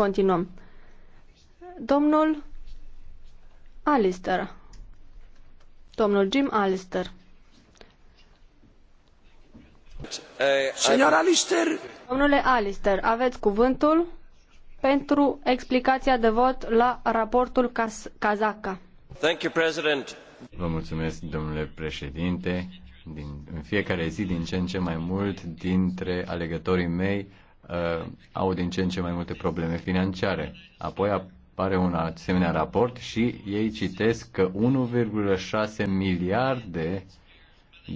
continuăm. Domnul Alistair. Domnul Jim Alistair. Senor Alistair. Domnule Alistair, aveți cuvântul pentru explicația de vot la raportul Kazaka. Thank you, President. Vă mulțumesc, domnule președinte. Din, în fiecare zi, din ce în ce mai mult, dintre alegătorii mei uh, au din ce în ce mai multe probleme financiare. Apoi apare un asemenea raport și ei citesc că 1,6 miliarde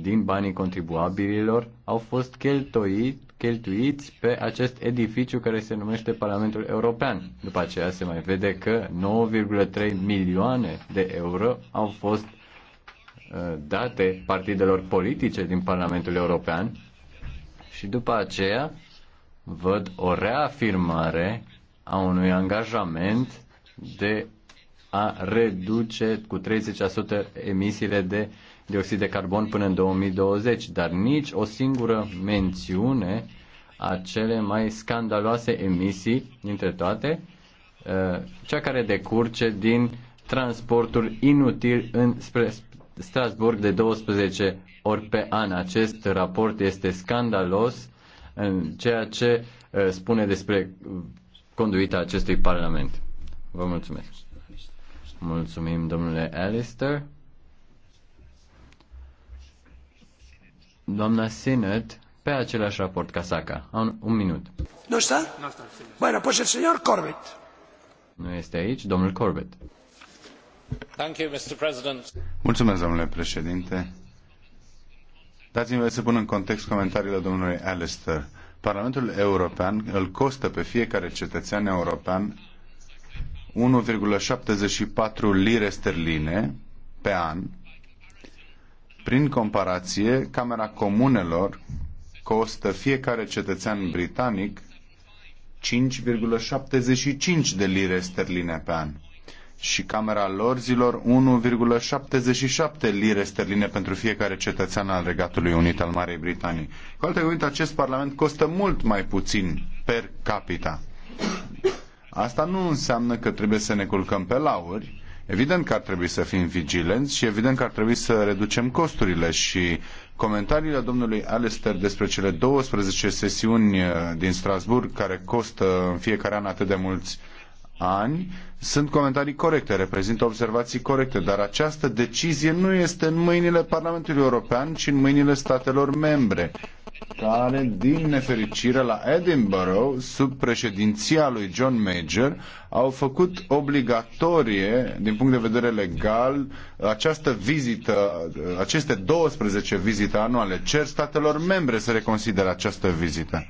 din banii contribuabililor au fost cheltuit, cheltuiți pe acest edificiu care se numește Parlamentul European. După aceea se mai vede că 9,3 milioane de euro au fost uh, date partidelor politice din Parlamentul European și după aceea văd o reafirmare a unui angajament de a reduce cu 30% emisiile de dioxid de carbon până în 2020, dar nici o singură mențiune a cele mai scandaloase emisii dintre toate, uh, cea care decurge din transportul inutil în spre Strasburg de 12 ori pe an. Acest raport este scandalos în ceea ce uh, spune despre conduita acestui Parlament. Vă mulțumesc. Mulțumim, domnule Alistair. Doamna Sinet, pe același raport Casaca. Un, un minut. Nu sta? Nu sta. Bine, pues Corbett. Nu este aici, domnul Corbett. Thank you, Mr. President. Mulțumesc, domnule președinte. Dați-mi să pun în context comentariile domnului Alistair. Parlamentul European îl costă pe fiecare cetățean european 1,74 lire sterline pe an. Prin comparație, Camera Comunelor costă fiecare cetățean britanic 5,75 de lire sterline pe an și Camera Lorzilor 1,77 lire sterline pentru fiecare cetățean al Regatului Unit al Marii Britanii. Cu alte cuvinte, acest parlament costă mult mai puțin per capita. Asta nu înseamnă că trebuie să ne culcăm pe lauri. Evident că ar trebui să fim vigilenți și evident că ar trebui să reducem costurile și comentariile domnului Alester despre cele 12 sesiuni eh, din Strasburg care costă în fiecare an atât de mulți ani sunt comentarii corecte, reprezintă observații corecte, dar această decizie nu este în mâinile Parlamentului European, ci în mâinile statelor membre, care, din nefericire, la Edinburgh, sub președinția lui John Major, au făcut obligatorie, din punct de vedere legal, această vizită, aceste 12 vizite anuale. Cer statelor membre să reconsidere această vizită.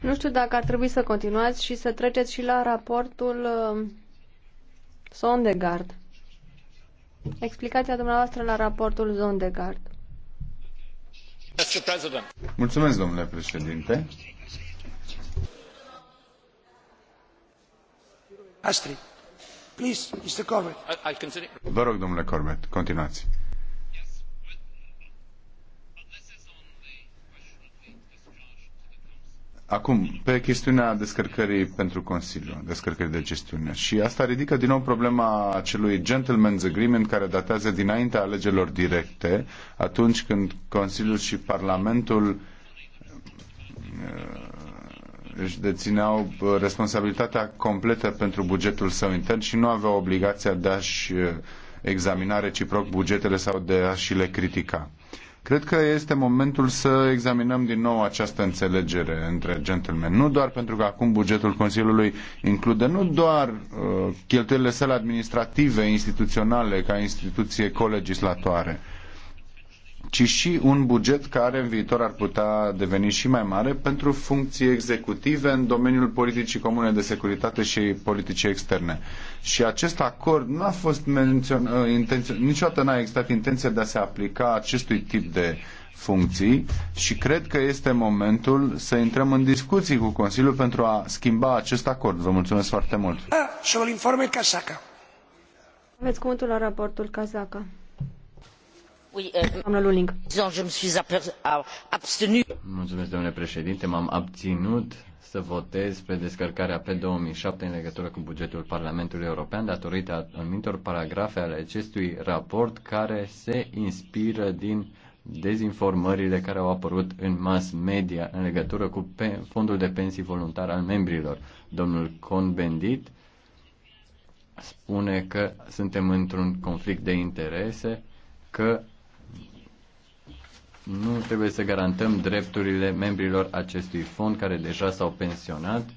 Nu știu dacă ar trebui să continuați și să treceți și la raportul um, Sondegard. Explicația dumneavoastră la raportul Sondegard. Mulțumesc, domnule președinte. please, Mr. Corbett. Vă rog, domnule Corbett, continuați. Acum, pe chestiunea descărcării pentru Consiliu, descărcării de gestiune. Și asta ridică din nou problema acelui gentleman's agreement care datează dinaintea alegerilor directe, atunci când Consiliul și Parlamentul uh, își dețineau uh, responsabilitatea completă pentru bugetul său intern și nu aveau obligația de a-și uh, examina reciproc bugetele sau de a-și le critica. Cred că este momentul să examinăm din nou această înțelegere între gentlemen. Nu doar pentru că acum bugetul Consiliului include nu doar uh, cheltuielile sale administrative, instituționale, ca instituție colegislatoare, uh, ci și un buget care în viitor ar putea deveni și mai mare pentru funcții executive în domeniul politicii comune de securitate și politicii externe. Și acest acord nu a fost menționat, ă, niciodată n-a existat intenția de a se aplica acestui tip de funcții și cred că este momentul să intrăm în discuții cu Consiliul pentru a schimba acest acord. Vă mulțumesc foarte mult. Ah, Aveți cuvântul la raportul Cazaca. Euh, domnule președinte. M-am abținut să votez spre descărcarea pe 2007 în legătură cu bugetul Parlamentului European datorită anumitor paragrafe ale acestui raport care se inspiră din dezinformările care au apărut în mass media în legătură cu fondul de pensii voluntar al membrilor. Domnul Cohn-Bendit spune că suntem într-un conflict de interese, că nu trebuie să garantăm drepturile membrilor acestui fond care deja s-au pensionat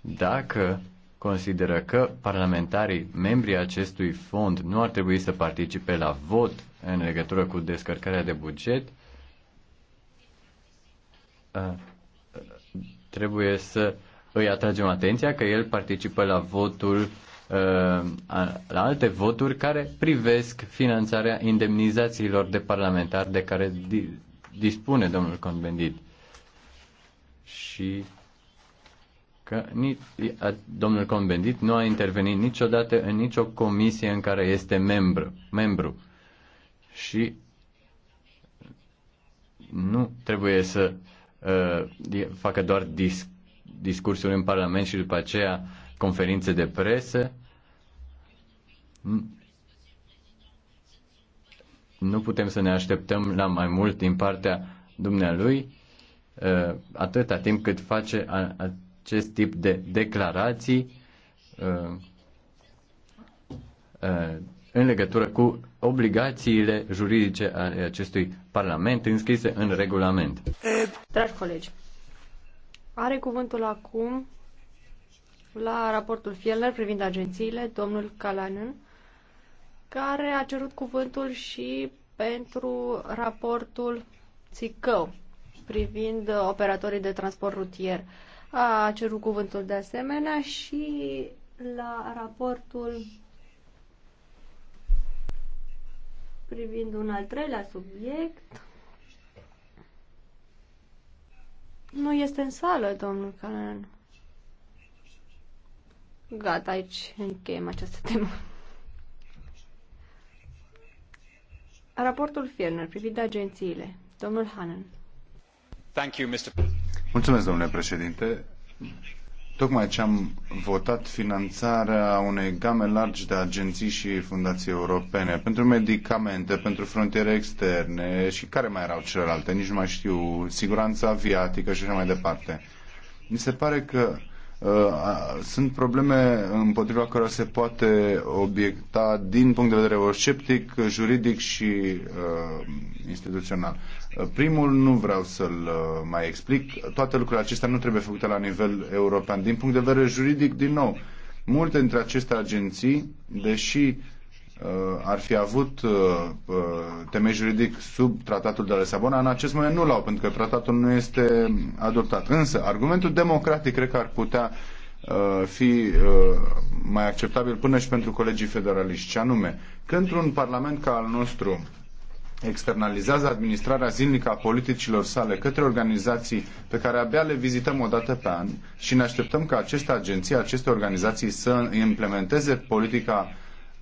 dacă consideră că parlamentarii membrii acestui fond nu ar trebui să participe la vot în legătură cu descărcarea de buget, trebuie să îi atragem atenția că el participă la votul Uh, la alte voturi care privesc finanțarea indemnizațiilor de parlamentar de care dispune domnul Convendit. Și că nici, domnul Convendit nu a intervenit niciodată în nicio comisie în care este membru. membru. Și nu trebuie să uh, facă doar dis- discursuri în Parlament și după aceea uh, conferințe de presă. Nu putem să ne așteptăm la mai mult din partea dumnealui uh, atâta timp cât face acest tip de declarații uh, uh, în legătură cu obligațiile juridice ale acestui Parlament înscrise în regulament. Dragi colegi, are cuvântul acum la raportul Fielner privind agențiile, domnul Kalanen, care a cerut cuvântul și pentru raportul Țicău privind operatorii de transport rutier. A cerut cuvântul de asemenea și la raportul privind un al treilea subiect. Nu este în sală, domnul Canan. Gata, aici încheiem această temă. Raportul Fierner privind agențiile. Domnul Hannan. Thank you, Mr. Mulțumesc, domnule președinte. Tocmai ce am votat finanțarea unei game largi de agenții și fundații europene pentru medicamente, pentru frontiere externe și care mai erau celelalte, nici nu mai știu, siguranța aviatică și așa mai departe. Mi se pare că Uh, sunt probleme împotriva cărora se poate obiecta din punct de vedere sceptic, juridic și uh, instituțional. Uh, primul nu vreau să-l uh, mai explic. Toate lucrurile acestea nu trebuie făcute la nivel european. Din punct de vedere juridic, din nou, multe dintre aceste agenții, deși Uh, ar fi avut uh, uh, temei juridic sub tratatul de la Lisabona, în acest moment nu l-au, pentru că tratatul nu este adoptat. Însă, argumentul democratic cred că ar putea fi mai acceptabil până și pentru colegii federaliști, ce anume, că într-un parlament ca al nostru externalizează administrarea zilnică a politicilor sale către organizații pe care abia le vizităm o dată pe an și ne așteptăm ca aceste agenții, aceste organizații să implementeze politica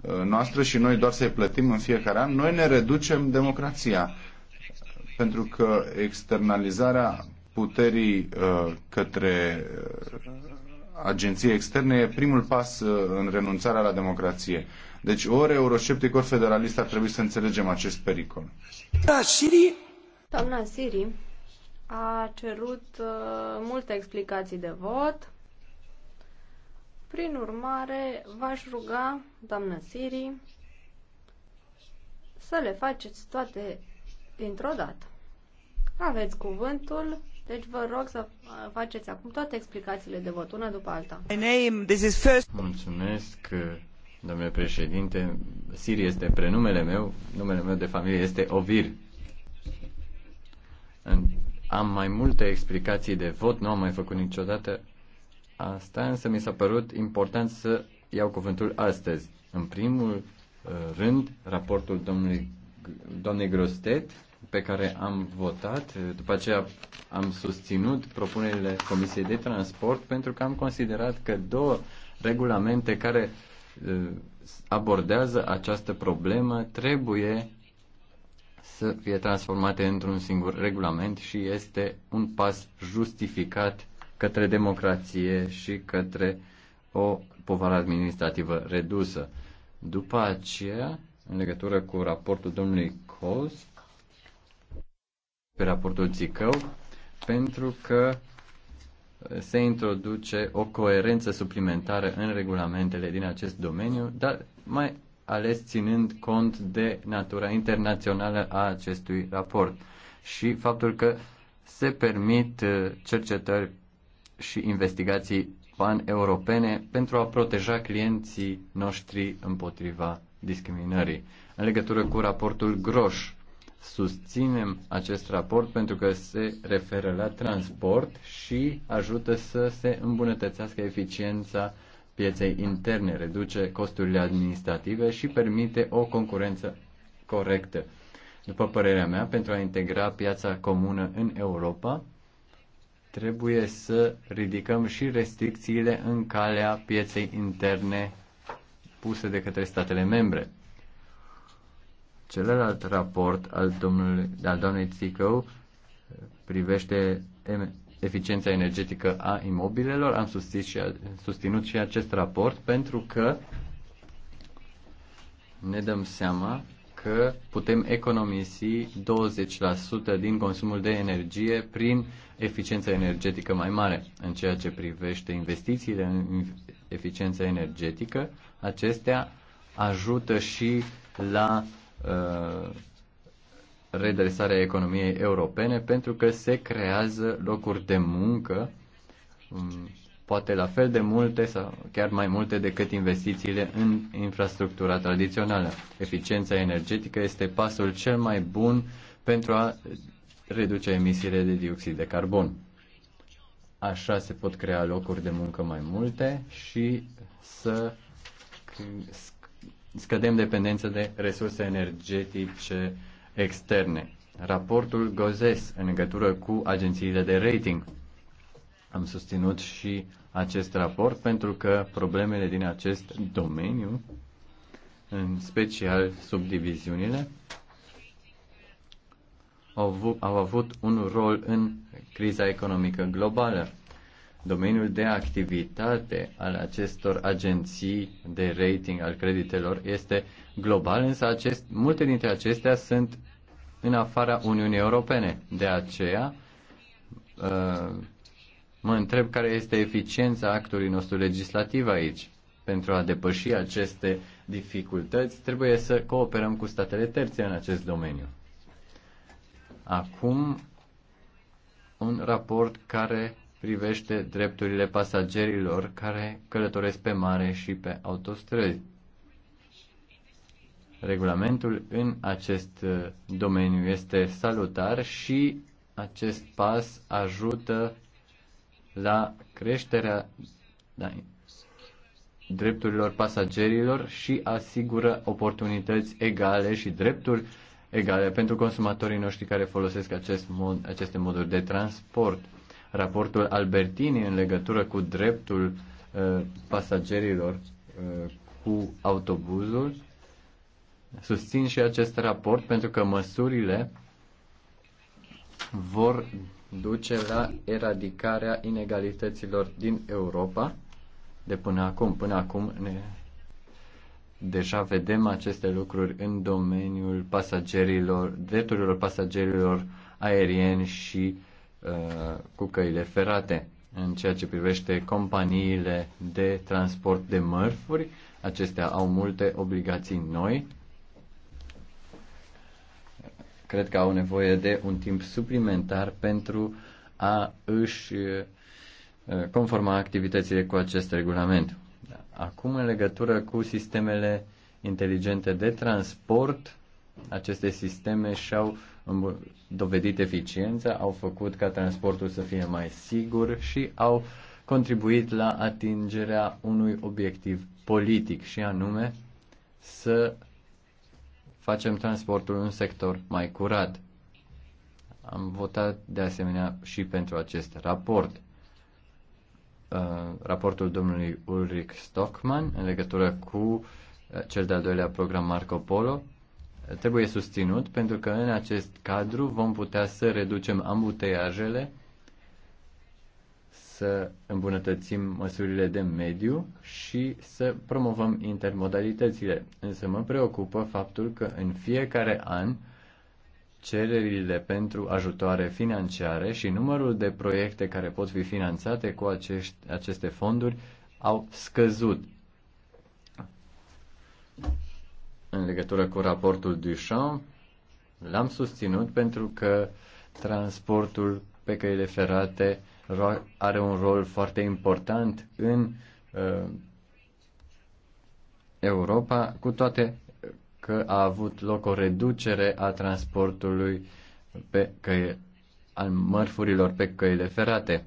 Uh, noastră și noi doar să-i plătim în fiecare an, noi ne reducem democrația. Pentru că externalizarea puterii uh, către uh, agenții externe e primul pas în renunțarea la democrație. Deci ori eurosceptic, ori federalist ar trebui să înțelegem acest pericol. Da, Siri? Doamna Siri a cerut uh, multe explicații de vot. Prin urmare, v-aș ruga, doamnă Siri, să le faceți toate dintr-o dată. Aveți cuvântul, deci vă rog să uh, faceți acum toate explicațiile de vot, una după alta. Mulțumesc, domnule președinte. Siri este prenumele meu, numele meu de familie este Ovir. Am mai multe explicații de vot, nu am mai făcut niciodată Asta însă mi s-a părut important să iau cuvântul astăzi. În primul uh, rând, raportul domnului, doamnei Grostet, pe care am votat, după aceea am susținut propunerile Comisiei de Transport pentru că am considerat că două regulamente care uh, abordează această problemă trebuie să fie transformate într-un singur regulament și este un pas justificat către democrație și către o povară administrativă redusă. După aceea, în legătură cu raportul domnului Coles, pe raportul Zicău, pentru că se introduce o coerență suplimentară în regulamentele din acest domeniu, dar mai ales ținând cont de natura internațională a acestui raport și faptul că se permit cercetări și investigații pan-europene pentru a proteja clienții noștri împotriva discriminării. În legătură cu raportul Groș, susținem acest raport pentru că se referă la transport și ajută să se îmbunătățească eficiența pieței interne, reduce costurile administrative și permite o concurență corectă. După părerea mea, pentru a integra piața comună în Europa, trebuie să ridicăm și restricțiile în calea pieței interne puse de către statele membre. Celălalt raport al, domnului, al doamnei Țicău privește eficiența energetică a imobilelor. Am susținut și, susținut și acest raport pentru că ne dăm seama că putem economisi 20% din consumul de energie prin eficiență energetică mai mare. În ceea ce privește investițiile în eficiență energetică, acestea ajută și la uh, redresarea economiei europene pentru că se creează locuri de muncă um, poate la fel de multe sau chiar mai multe decât investițiile în infrastructura tradițională. Eficiența energetică este pasul cel mai bun pentru a reduce emisiile de dioxid de carbon. Așa se pot crea locuri de muncă mai multe și să scădem dependența de resurse energetice externe. Raportul Gozes în legătură cu agențiile de rating. Am susținut și acest raport pentru că problemele din acest domeniu, în special subdiviziunile, au avut, au avut un rol în criza economică globală. Domeniul de activitate al acestor agenții de rating al creditelor este global, însă acest, multe dintre acestea sunt în afara Uniunii Europene. De aceea, uh, Mă întreb care este eficiența actului nostru legislativ aici. Pentru a depăși aceste dificultăți, trebuie să cooperăm cu statele terțe în acest domeniu. Acum, un raport care privește drepturile pasagerilor care călătoresc pe mare și pe autostrăzi. Regulamentul în acest uh, domeniu este salutar și acest pas ajută la creșterea da, drepturilor pasagerilor și asigură oportunități egale și drepturi egale pentru consumatorii noștri care folosesc acest mod, aceste moduri de transport. Raportul Albertini în legătură cu dreptul uh, pasagerilor uh, cu autobuzul susțin și acest raport pentru că măsurile vor duce la eradicarea inegalităților din Europa de până acum. Până acum ne deja vedem aceste lucruri în domeniul pasagerilor, drepturilor pasagerilor aerieni și uh, cu căile ferate. În ceea ce privește companiile de transport de mărfuri, acestea au multe obligații noi cred că au nevoie de un timp suplimentar pentru a își uh, conforma activitățile cu acest regulament. Acum, în legătură cu sistemele inteligente de transport, aceste sisteme și-au dovedit eficiența, au făcut ca transportul să fie mai sigur și au contribuit la atingerea unui obiectiv politic și anume să facem transportul un sector mai curat. Am votat de asemenea și pentru acest raport. Uh, raportul domnului Ulrich Stockman în legătură cu uh, cel de-al doilea program Marco Polo uh, trebuie susținut pentru că în acest cadru vom putea să reducem ambuteiajele să îmbunătățim măsurile de mediu și să promovăm intermodalitățile. Însă mă preocupă faptul că în fiecare an cererile pentru ajutoare financiare și numărul de proiecte care pot fi finanțate cu acești, aceste fonduri au scăzut. În legătură cu raportul Duchamp, l-am susținut pentru că transportul pe căile ferate are un rol foarte important în uh, Europa, cu toate că a avut loc o reducere a transportului pe căi, al mărfurilor pe căile ferate.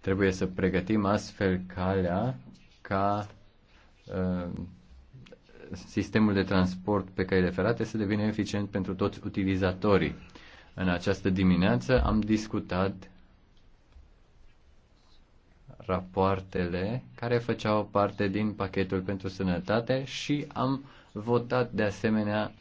Trebuie să pregătim astfel calea ca uh, sistemul de transport pe căile ferate să devină eficient pentru toți utilizatorii. În această dimineață am discutat rapoartele care făceau parte din pachetul pentru sănătate și am votat de asemenea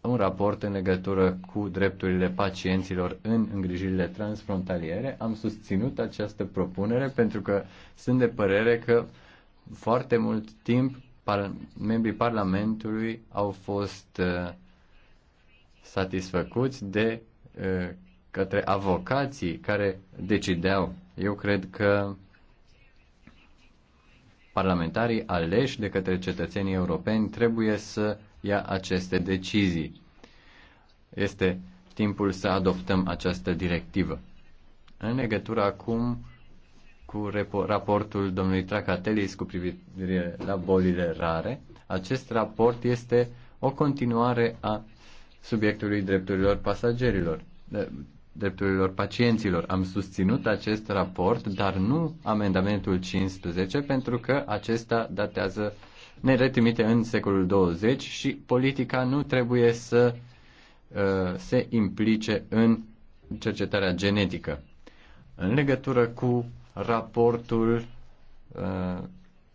un raport în legătură cu drepturile pacienților în îngrijirile transfrontaliere. Am susținut această propunere pentru că sunt de părere că foarte mult timp par- membrii Parlamentului au fost uh, satisfăcuți de uh, către avocații care decideau. Eu cred că Parlamentarii aleși de către cetățenii europeni trebuie să ia aceste decizii. Este timpul să adoptăm această directivă. În legătură acum cu raportul domnului Tracatelis cu privire la bolile rare, acest raport este o continuare a subiectului drepturilor pasagerilor, drepturilor pacienților. Am susținut acest raport, dar nu amendamentul 15, pentru că acesta datează, ne retrimite în secolul 20 și politica nu trebuie să uh, se implice în cercetarea genetică. În legătură cu raportul uh,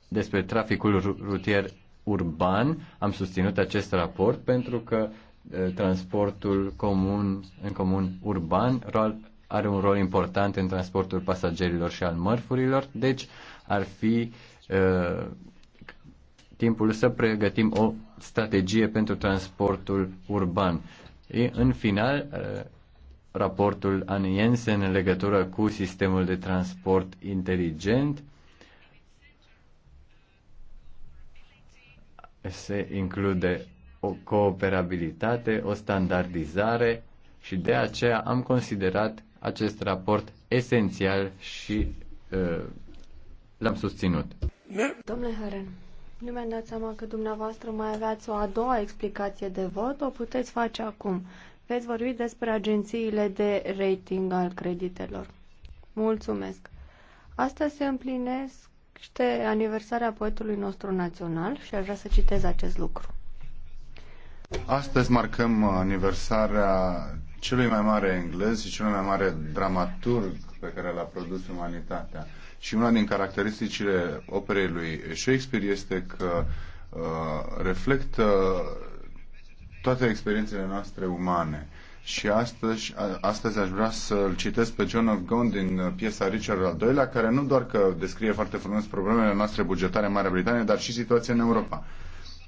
despre traficul rutier urban, am susținut acest raport pentru că Eh, transportul comun, în comun urban rol are un rol important în transportul pasagerilor și al mărfurilor, deci ar fi uh, timpul să pregătim o strategie pentru transportul urban. În final, uh, raportul Aniense în legătură cu sistemul de transport inteligent se include o cooperabilitate, o standardizare și de aceea am considerat acest raport esențial și uh, l-am susținut. Domnule Haren, nu mi-am dat seama că dumneavoastră mai aveați o a doua explicație de vot, o puteți face acum. Veți vorbi despre agențiile de rating al creditelor. Mulțumesc! Astăzi se împlinesc aniversarea poetului nostru național și aș vrea să citez acest lucru. Astăzi marcăm aniversarea celui mai mare englez și cel mai mare dramaturg pe care l-a produs umanitatea. Și una din caracteristicile operei lui Shakespeare este că uh, reflectă toate experiențele noastre umane. Și astăzi, astăzi aș vrea să-l citesc pe John of Gaunt din piesa Richard al doilea, care nu doar că descrie foarte frumos problemele noastre bugetare în Marea Britanie, dar și situația în Europa.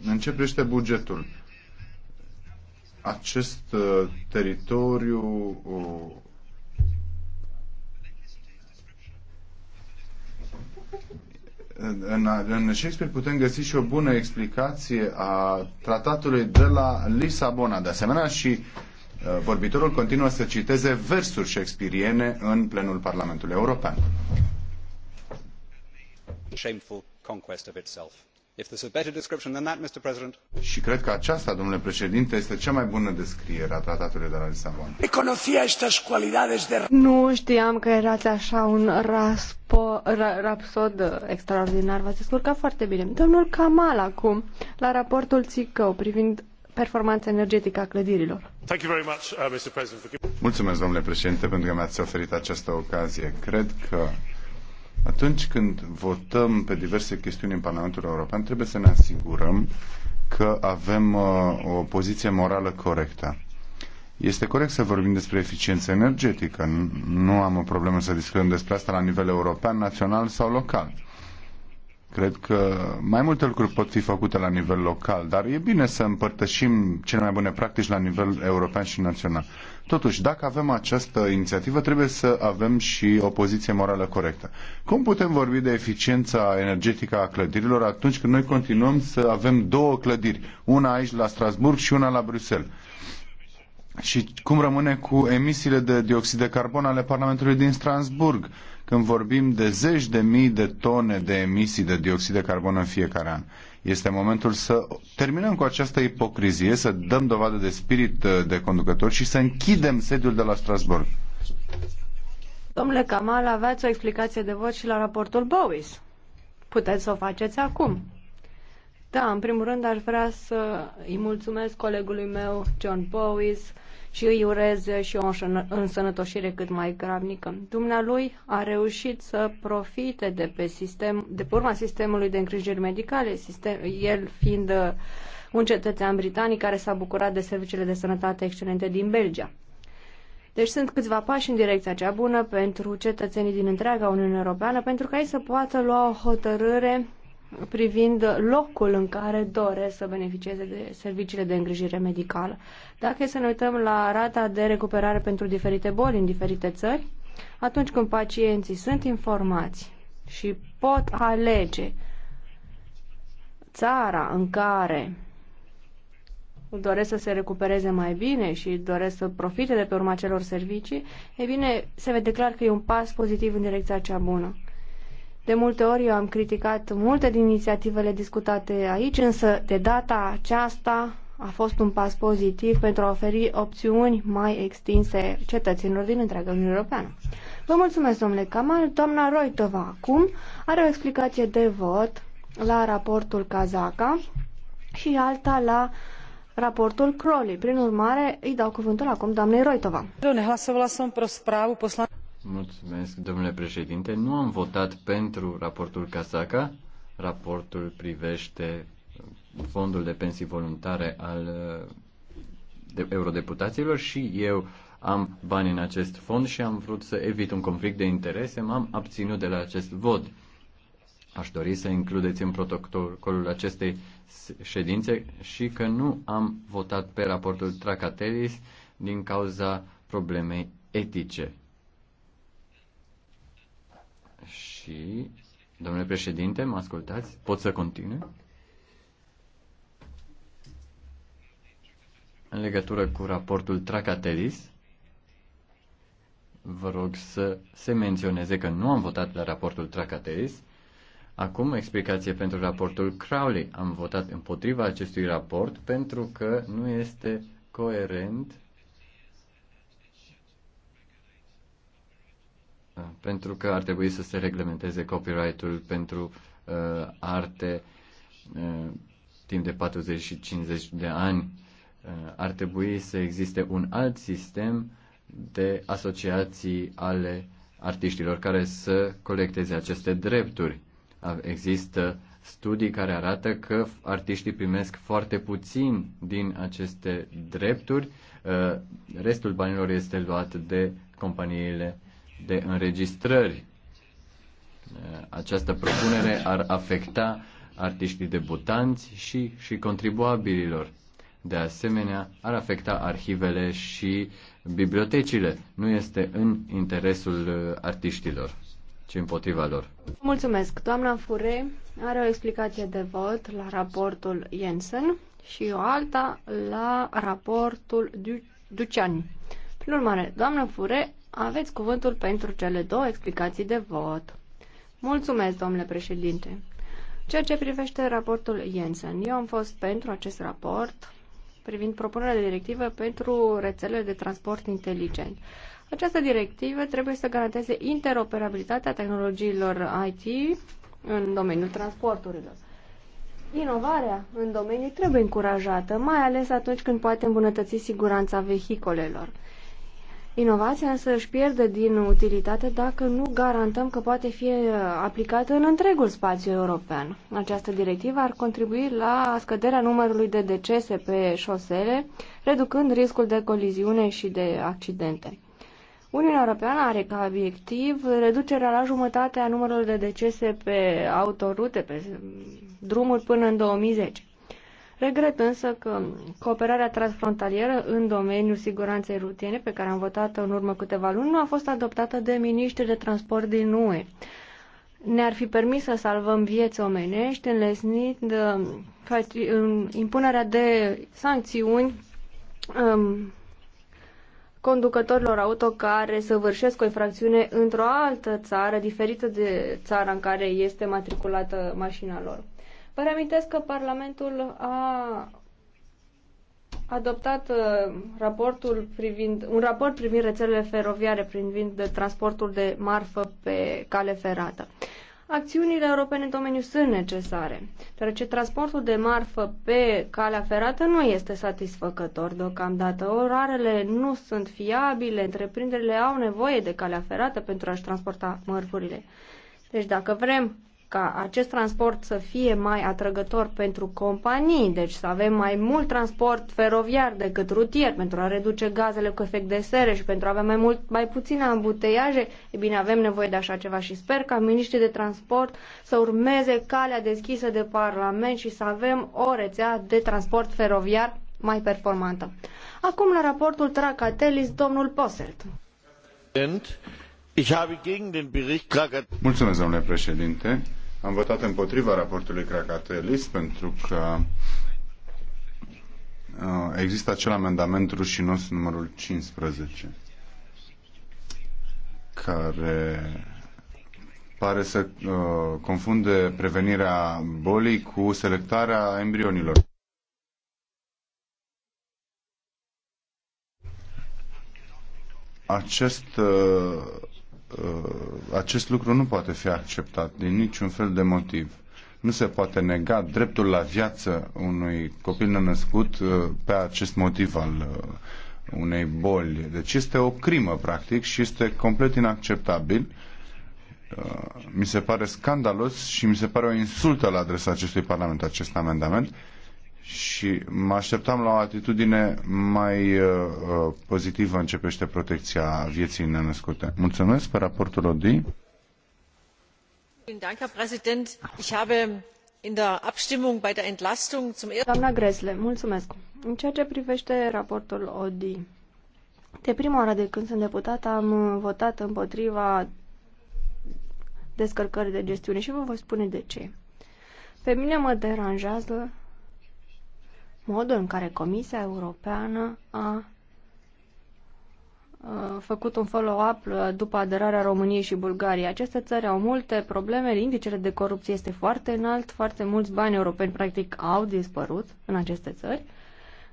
Începește bugetul? acest uh, teritoriu uh, în, în Shakespeare putem găsi și o bună explicație a tratatului de la Lisabona. De asemenea și uh, vorbitorul continuă să citeze versuri shakespeariene în plenul Parlamentului European. Shameful conquest of itself. If there's a better description than that, Mr. President. Și cred că aceasta, domnule președinte, este cea mai bună descriere a tratatului de la Lisabona. Nu știam că erați așa un raspo, ra, rapsod extraordinar. V-ați descurcat foarte bine. Domnul Kamal acum, la raportul Țicău privind performanța energetică a clădirilor. Uh, Mulțumesc, domnule președinte, pentru că mi-ați oferit această ocazie. Cred că atunci când votăm pe diverse chestiuni în Parlamentul European, trebuie să ne asigurăm că avem uh, o poziție morală corectă. Este corect să vorbim despre eficiență energetică. Nu am o problemă să discutăm despre asta la nivel european, național sau local. Cred că mai multe lucruri pot fi făcute la nivel local, dar e bine să împărtășim cele mai bune practici la nivel european și național. Totuși, dacă avem această inițiativă, trebuie să avem și o poziție morală corectă. Cum putem vorbi de eficiența energetică a clădirilor atunci când noi continuăm să avem două clădiri, una aici la Strasburg și una la Bruxelles? Și cum rămâne cu emisiile de dioxid de carbon ale Parlamentului din Strasburg, când vorbim de zeci de mii de tone de emisii de dioxid de carbon în fiecare an? Este momentul să terminăm cu această ipocrizie, să dăm dovadă de spirit uh, de conducător și să închidem sediul de la Strasbourg. Domnule Kamal, aveați o explicație de vot și la raportul Bowis. Puteți să o faceți acum. Da, în primul rând aș vrea să îi mulțumesc colegului meu, John Bowis, și îi urez și o însănătoșire cât mai gravnică. Dumnealui a reușit să profite de pe sistem, de pe urma sistemului de îngrijiri medicale, sistem, el fiind uh, un cetățean britanic care s-a bucurat de serviciile de sănătate excelente din Belgia. Deci sunt câțiva pași în direcția cea bună pentru cetățenii din întreaga Uniune Europeană pentru ca ei să poată lua o hotărâre privind locul în care doresc să beneficieze de serviciile de îngrijire medicală. Dacă e să ne uităm la rata de recuperare pentru diferite boli în diferite țări, atunci când pacienții sunt informați și pot alege țara în care doresc să se recupereze mai bine și doresc să profite de pe urma celor servicii, e bine, se vede clar că e un pas pozitiv în direcția cea bună. De multe ori eu am criticat multe din inițiativele discutate aici, însă de data aceasta a fost un pas pozitiv pentru a oferi opțiuni mai extinse cetățenilor din întreaga Uniune Europeană. Vă mulțumesc, domnule Kamal. Doamna Roitova acum are o explicație de vot la raportul Kazaka și alta la raportul Crowley. Prin urmare, îi dau cuvântul acum doamnei Roitova. Nehlasovala som pro správu poslanca Mulțumesc, domnule președinte. Nu am votat pentru raportul Casaca. Raportul privește fondul de pensii voluntare al de eurodeputaților și eu am bani în acest fond și am vrut să evit un conflict de interese, m-am abținut de la acest vot. Aș dori să includeți în protocolul acestei ședințe și că nu am votat pe raportul Tracatelis din cauza problemei etice. Și, domnule președinte, mă ascultați? Pot să continui? În legătură cu raportul Tracatelis, vă rog să se menționeze că nu am votat la raportul Tracatelis. Acum, explicație pentru raportul Crowley. Am votat împotriva acestui raport pentru că nu este coerent pentru că ar trebui să se reglementeze copyright-ul pentru uh, arte uh, timp de 40 și 50 de ani. Uh, ar trebui să existe un alt sistem de asociații ale artiștilor care să colecteze aceste drepturi. Există studii care arată că artiștii primesc foarte puțin din aceste drepturi, uh, restul banilor este luat de companiile de înregistrări. Această propunere ar afecta artiștii debutanți și, și contribuabililor. De asemenea, ar afecta arhivele și bibliotecile. Nu este în interesul uh, artiștilor, ci împotriva lor. Mulțumesc. Doamna Fure are o explicație de vot la raportul Jensen și o alta la raportul du- Ducean. Prin urmare, doamna Fure, aveți cuvântul pentru cele două explicații de vot. Mulțumesc, domnule președinte. Ceea ce privește raportul Jensen, eu am fost pentru acest raport privind propunerea de directivă pentru rețelele de transport inteligent. Această directivă trebuie să garanteze interoperabilitatea tehnologiilor IT în domeniul transporturilor. Inovarea în domeniu trebuie încurajată, mai ales atunci când poate îmbunătăți siguranța vehicolelor. Inovația însă își pierde din utilitate dacă nu garantăm că poate fi uh, aplicată în întregul spațiu european. Această directivă ar contribui la scăderea numărului de decese pe șosele, reducând riscul de coliziune și de accidente. Uniunea Europeană are ca obiectiv reducerea la jumătate a numărului de decese pe autorute, pe drumuri până în 2010. Regret însă că cooperarea transfrontalieră în domeniul siguranței rutiene, pe care am votat-o în urmă câteva luni, nu a fost adoptată de miniștri de transport din UE. Ne-ar fi permis să salvăm vieți omenești, înlesnind um, um, impunerea de sancțiuni um, conducătorilor auto care săvârșesc o infracțiune într-o altă țară diferită de țara în care este matriculată mașina lor. Vă reamintesc că Parlamentul a adoptat uh, raportul privind, un raport privind rețelele feroviare, privind de transportul de marfă pe cale ferată. Acțiunile europene în domeniu sunt necesare, deoarece transportul de marfă pe calea ferată nu este satisfăcător deocamdată. Orarele nu sunt fiabile, întreprinderile au nevoie de calea ferată pentru a-și transporta mărfurile. Deci dacă vrem ca acest transport să fie mai atrăgător pentru companii, deci să avem mai mult transport feroviar decât rutier pentru a reduce gazele cu efect de seră și pentru a avea mai, mult, mai puține ambuteiaje, e bine, avem nevoie de așa ceva și sper ca miniștrii de transport să urmeze calea deschisă de Parlament și să avem o rețea de transport feroviar mai performantă. Acum la raportul Tracatelis, domnul Poselt. Mulțumesc, domnule președinte. Am votat împotriva raportului Cracatelis pentru că uh, există acel amendament rușinos numărul 15 care pare să uh, confunde prevenirea bolii cu selectarea embrionilor. Acest uh, Uh, acest lucru nu poate fi acceptat din niciun fel de motiv. Nu se poate nega dreptul la viață unui copil născut uh, pe acest motiv al uh, unei boli. Deci este o crimă, practic, și este complet inacceptabil. Mi se pare scandalos și mi se pare o insultă la adresa acestui Parlament acest amendament și mă așteptam la o atitudine mai uh, uh, pozitivă în ce privește protecția vieții nenăscute. Mulțumesc pe raportul Odi. Doamna Gresle, mulțumesc. În ceea ce privește raportul Odi, de prima oară de când sunt deputat am uh, votat împotriva descărcării de gestiune și vă voi spune de ce. Pe mine mă deranjează modul în care Comisia Europeană a făcut un follow-up uh, după aderarea României și Bulgariei. Aceste țări au multe probleme, indicele de corupție este foarte înalt, foarte mulți bani europeni practic au dispărut în aceste țări.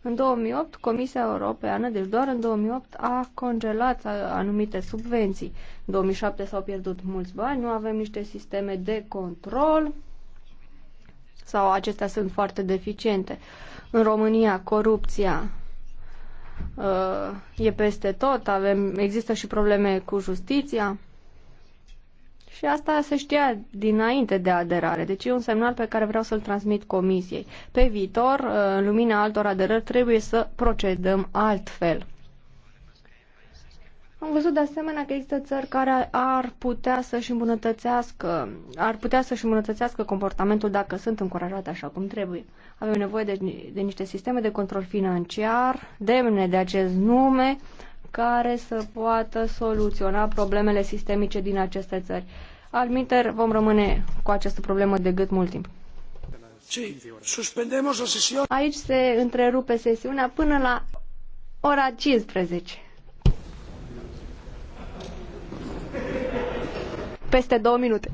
În 2008, Comisia Europeană, deci doar în 2008, a congelat uh, anumite subvenții. În 2007 s-au pierdut mulți bani, nu avem niște sisteme de control, sau acestea sunt foarte deficiente. În România, corupția uh, e peste tot, avem, există și probleme cu justiția și asta se știa dinainte de aderare. Deci e un semnal pe care vreau să-l transmit comisiei. Pe viitor, uh, în lumina altor aderări, trebuie să procedăm altfel. Am văzut de asemenea că există țări care ar putea să-și îmbunătățească, ar putea să-și îmbunătățească comportamentul dacă sunt încurajate așa cum trebuie. Avem nevoie de, de niște sisteme de control financiar, demne de acest nume, care să poată soluționa problemele sistemice din aceste țări. Alminter, vom rămâne cu această problemă de gât mult timp. Aici se întrerupe sesiunea până la ora 15. peste două minute.